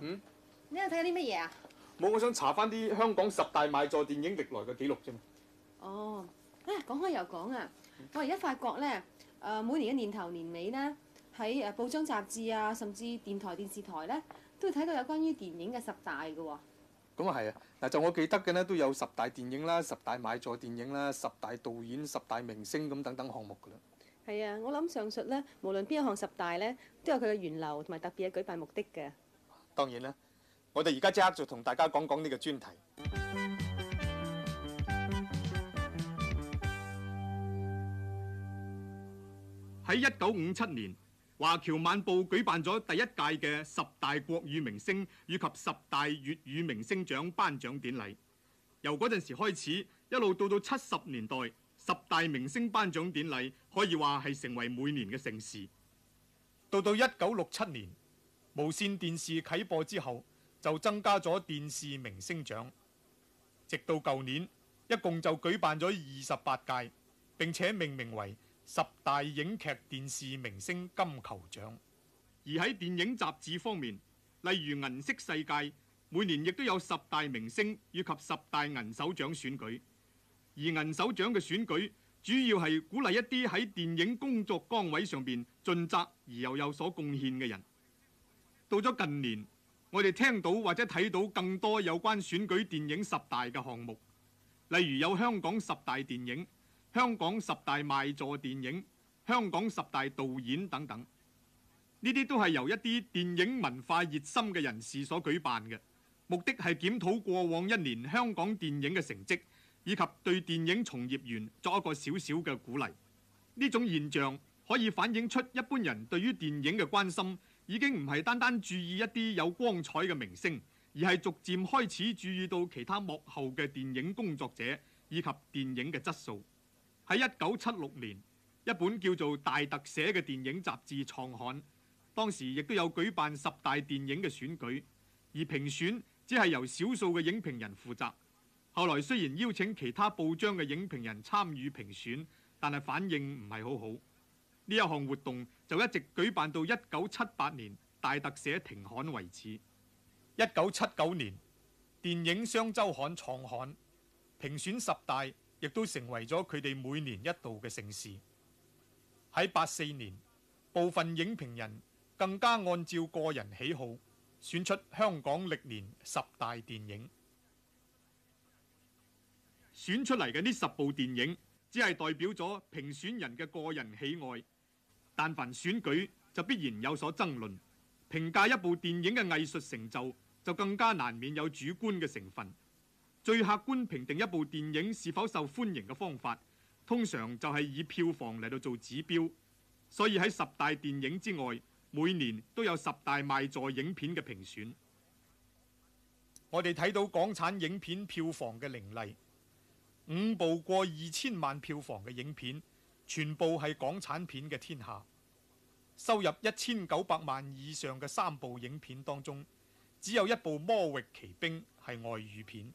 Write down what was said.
嗯，你又睇下啲乜嘢啊？冇，我想查翻啲香港十大賣座電影歷來嘅記錄啫嘛。哦，啊，講開又講啊，我而家發覺咧，誒，每年嘅年頭年尾咧，喺誒報章雜誌啊，甚至電台電視台咧，都睇到有關於電影嘅十大嘅喎、哦。咁、嗯、啊係啊，嗱，就我記得嘅咧，都有十大電影啦、十大賣座電影啦、十大導演、十大明星咁等等項目噶啦。係啊，我諗上述咧，無論邊一項十大咧，都有佢嘅源流同埋特別嘅舉辦目的嘅。當然啦，我哋而家即刻就同大家講講呢個專題。喺一九五七年，《華僑晚報》舉辦咗第一屆嘅十大國語明星以及十大粵語明星獎頒獎典禮。由嗰陣時開始，一路到到七十年代，十大明星頒獎典禮可以話係成為每年嘅盛事。到到一九六七年，無綫電視啟播之後，就增加咗電視明星獎，直到舊年，一共就舉辦咗二十八屆，並且命名為十大影劇電視明星金球獎。而喺電影雜誌方面，例如《銀色世界》，每年亦都有十大明星以及十大銀手獎選舉。而銀手獎嘅選舉主要係鼓勵一啲喺電影工作崗位上面盡責而又有所貢獻嘅人。到咗近年，我哋聽到或者睇到更多有關選舉電影十大嘅項目，例如有香港十大電影、香港十大賣座電影、香港十大導演等等。呢啲都係由一啲電影文化熱心嘅人士所舉辦嘅，目的係檢討過往一年香港電影嘅成績，以及對電影從業員作一個少少嘅鼓勵。呢種現象可以反映出一般人對於電影嘅關心。已經唔係單單注意一啲有光彩嘅明星，而係逐漸開始注意到其他幕後嘅電影工作者以及電影嘅質素。喺一九七六年，一本叫做《大特寫》嘅電影雜誌創刊，當時亦都有舉辦十大電影嘅選舉，而評選只係由少數嘅影評人負責。後來雖然邀請其他報章嘅影評人參與評選，但係反應唔係好好。呢一項活動就一直舉辦到一九七八年大特寫停刊為止。一九七九年，電影雙周刊創刊，評選十大亦都成為咗佢哋每年一度嘅盛事。喺八四年，部分影評人更加按照個人喜好選出香港歷年十大電影。選出嚟嘅呢十部電影，只係代表咗評選人嘅個人喜愛。但凡選舉就必然有所爭論，評價一部電影嘅藝術成就就更加難免有主觀嘅成分。最客觀評定一部電影是否受歡迎嘅方法，通常就係以票房嚟到做指標。所以喺十大電影之外，每年都有十大賣座影片嘅評選。我哋睇到港產影片票房嘅凌厲，五部過二千萬票房嘅影片。全部係港產片嘅天下，收入一千九百萬以上嘅三部影片當中，只有一部《魔域奇兵》係外語片。